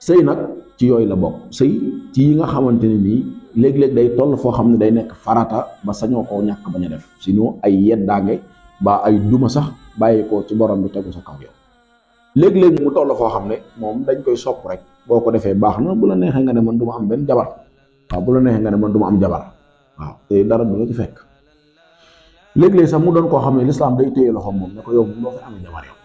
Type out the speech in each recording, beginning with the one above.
sëy nag ci yooyu la bokk sëy ci yi nga xamante ni nii léeg-léeg day toll foo xam ne day nekk farata ba sañoo ko ñàkk bañ a def sinon ay yeddaange ba ay duma sax bàyyi ko ci boroom bi tegu sa kaw yow léeg-léeg mu toll foo xam ne moom dañ koy sopp rek boo ko defee baax na bu la neexee nga ne man du am benn jabar bu la neexee nga ne man du am jabar waaw te dara du la ci fekk léeg-léeg sax mu doon koo xam ne lislaam day téye loxo moom ne ko yow mu loo fi amee jabar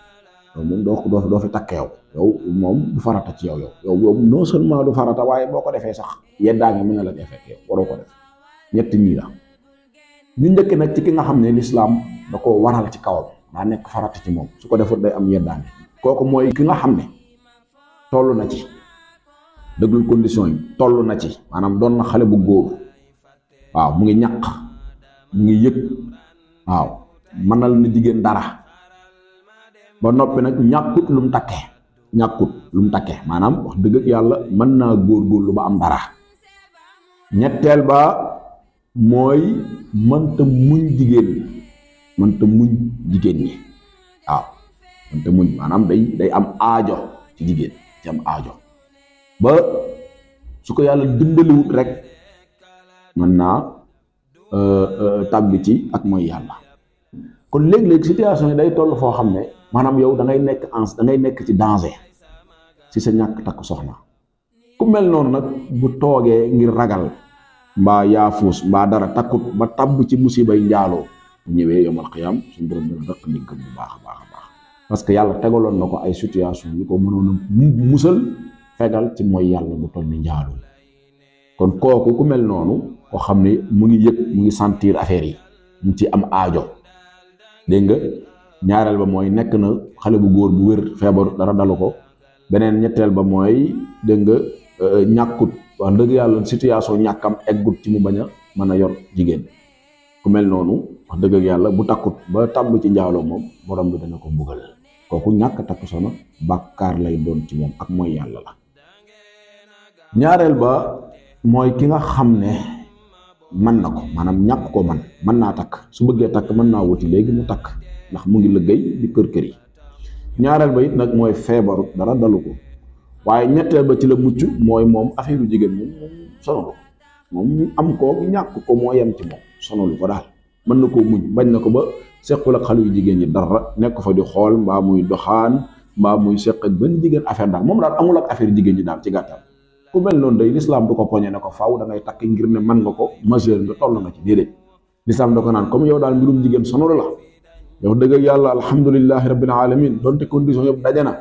yow moom doo doo fi takk yow yow moom du farata ci yow yow yow boobu non seulement du farata waaye boo ko defee sax yeddaange mën na la cee fekk ko def ñett ñii la nag ci ki nga xam ne lislaam da ko waral ci kawam daa nekk farata ci moom su ko defut day am yeddaange kooku mooy ki nga xam ne toll na ci dëglul condition yi tollu na ci maanaam doon na xale bu góor waaw mu ngi ñaq mu ngi yëg waaw mënal na jigéen dara ba noppi nag ñàkkut lu mu takkee ñàkkut lu mu takkee maanaam wax dëgg ak yàlla mën naa góor góorgóorlu ba am dara ñetteel ba mooy mënta muñ jigéen ñi muñ jigéen ñi waaw mënta muñ maanaam day day am aajo ci jigéen ci am aajo ba su ko yàlla dimbaliwut rek mën naa euh, euh, tàgg ci ak mooy yàlla kon léeg-léeg situation yi day toll foo xam ne maanaam yow dangay nekk en da nekk ci danger si sa ñàkk takk soxna ku mel noonu nag bu toogee ngir ragal mbaa yaafuus mbaa dara takkut ba tabb ci musibay njaaloo bu ñëwee yomal xiyam suñu borom dina dëkk bu baax a baax que yàlla tegaloon na ko ay situation yu ko mënoon musal fegal ci mooy yàlla bu toll ni njaaloo kon kooku ku mel noonu koo xam ne mu ngi yëg mu ngi sentir affaire yi mu ci am aajo dégg nga ñaaral ba mooy nekk na xale bu góor bu wér feebar dara dalu ko beneen ñetteel ba mooy dégg nga euh, ñàkkut wax dëgg yàlla situation ñàkkam eggut ci mu bañ a mën a yor jigéen ku mel noonu wax dëgg ak yàlla bu takkut ba tàmb ci njaaloo moom borom bi dana ko mbugal kooku ñàkk takk bàkkaar lay doon ci moom ak mooy yàlla la ñaareel ba mooy ki nga xam man nako manam ñak ko man man na tak su bëgge tak man na wuti legi mu tak ndax mu ngi liggey di kër kër yi ñaaral ba it nag moy febar dara dalu waye ñettal ba ci la muccu moy mom affaireu jigéen mu sonalu mom am ko ñak ko moo yam ci moom sonalu ko dal man nako muñ bañ nako ba sequl ak xale yu jigéen dara nekk fa di xol mbaa muy doxaan mbaa muy sekk ak benn affaire dal mom dal amul ak affaire yi dal ci gattal ku mel noonu day lislaam du ko poñe ne ko faaw da ngay takk ngir ne man nga ko majeur nga toll nga ci déedéet lislaam da ko naan comme yow daal mbirum jigéen sonalu la yow dëgg yàlla alhamdulilahi rabbil alamin donte condition yëpp daje na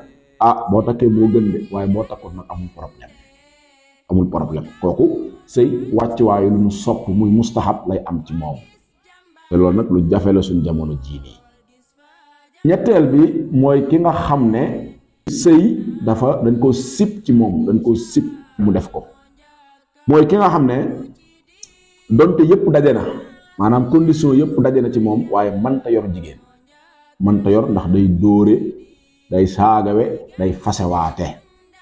ah boo takkee moo gën de waaye boo takkoon nag amul problème amul problème kooku sëy wàccuwaayu lu mu sopp muy mustahab lay am ci moom te loolu nag lu jafe la suñ jamono jii nii ñetteel bi mooy ki nga xam ne sëy dafa dañ koo sib ci moom dañ koo mu def ko mooy ki nga xam ne donte yëpp daje na maanaam condition yëpp daje na ci moom waaye mënta yor jigéen mënta yor ndax day dóore day saagawe day fasewaate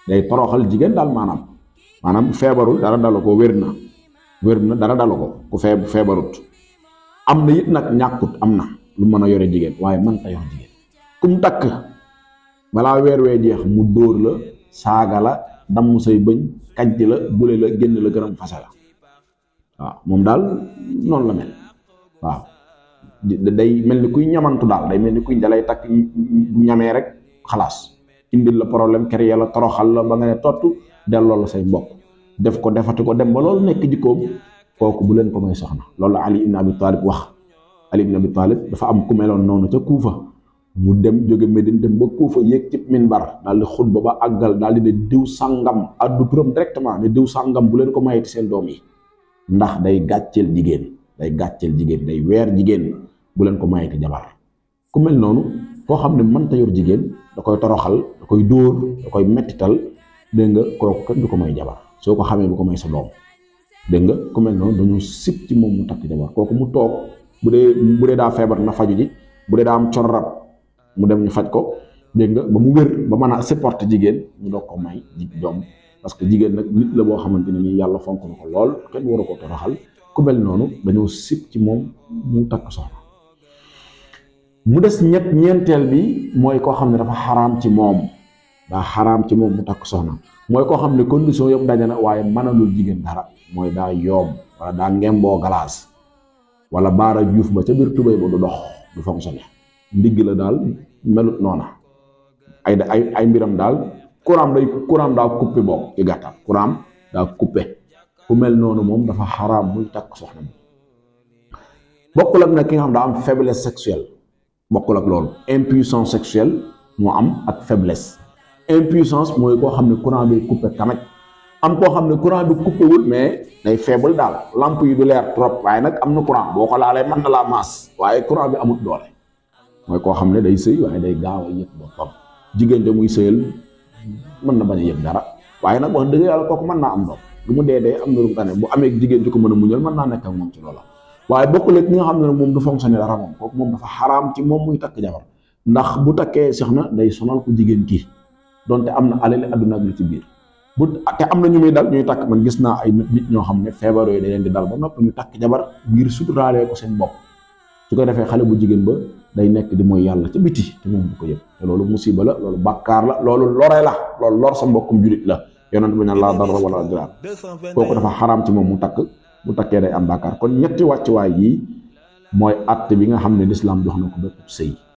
day toroxal jigéen daal maanaam maanaam feebarul dara dalu ko wér na wér na dara dalu ko ku feeb feebarut am na it nag ñàkkut am na lu mën a yore jigéen waaye mënta yor jigéen kum takk balaa weer wee jeex mu dóor la saaga la damm say bëñ kajj la bule la génn la gërëm fase waaw moom daal noonu la mel waaw day mel ni kuy ñamantu daal day mel ni kuy dalay takk bu ñamee rek xalaas indil la problème créer la toroxal la ba nga ne tott delloo la say mbokk def ko defati ko dem ba loolu nekk jikkoom kooku bu leen ko may soxna lool la Ali ibn Abi Talib wax Ali ibn Abi Talib dafa am ku meloon noonu ca Kuufa mu dem joge Medine dem ba Kuufa yek ci minbar dal di khutba ba agal dal di diw sangam addu turam directement ne diw sangam bu len ko mayti sen dom yi ndax day gatchel jigéen day gatchel jigéen day wer jigéen bu len ko mayti jabar ku mel nonu ko xamne man mënta yor jigéen da koy toroxal da koy dor da koy mettital de nga ko kenn du ko may jabar soko ko bu ko may sa dom de nga ku mel noonu dañu sip ci mom mu takk jabar koku mu tok bu de bu de da febar na faju ji bu de da am con mu dem ñu faj ko dégg nga ba mu wér ba mën a supporter jigéen mu doog ko may jom parce que jigéen nag nit la boo xamante ni nii yàlla fonk na ko lool kenn waru ko toroxal ku mel noonu dañoo sib ci moom mu takk soxna mu des ñet ñeenteel bi mooy koo xam ne dafa xaraam ci moom ba xaraam ci moom mu takk soxna mooy koo xam ne condition yëpp dajana na waaye mënalul jigéen dara mooy daa yoom wala daa ngemboo galaas wala baara juuf ba ca biir tubay ba du dox du fonctionner ndigg la daal melut noona ay ay ay mbiram daal courant day courant daa coupé bokk ci gàttal courant daa coupé ku mel noonu moom dafa xaraam muy takk soxna moom bokkul ak nag ki nga xam daa am faiblesse sexuelle bokkul ak loolu impuissance sexuelle moo am ak faiblesse impuissance mooy koo xam ne courant bi coupé tamit am koo xam ne courant bi coupé mais day faible daal lamp yi du leer trop waaye nag am na courant boo ko laalee mën na laa maas waaye courant bi amut doole. mooy koo xam ne day sëy waaye day gaaw a yëg boppam jigéen ja muy sëyal mën na bañ a dara waaye nag wax dëgg yàlla kooku mën naa am doom lu mu dee dee am mu tane bu amee jigéen ji ko mën a muñal mën naa nekk ak moom ci loola waaye bokkul ak ñi nga xam ne moom du fonctionné dara moom kooku moom dafa xaraam ci moom muy takk jabar ndax bu takkee sax na day sonal ko jigéen kii donte am na alali adduna ak ci biir bu te am na ñu muy dal ñuy takk man gis naa ay nit ñoo xam ne feebar yooyu di dal ba noppi ñu takk jabar ngir suturaale ko seen bopp su ko defee xale bu jigéen ba day nekk di mooy yàlla ca biti te moom bu ko yëg te loolu musiba la loolu bàkkaar la loolu lore la loolu lor sa mbokkum julit la yonent bi ne laa darra wala diraar kooku dafa xaraam ci moom mu takk mu takkee day am bàkkaar kon ñetti wàccuwaay yii mooy att bi nga xam ne lislaam jox na ko bépp sëy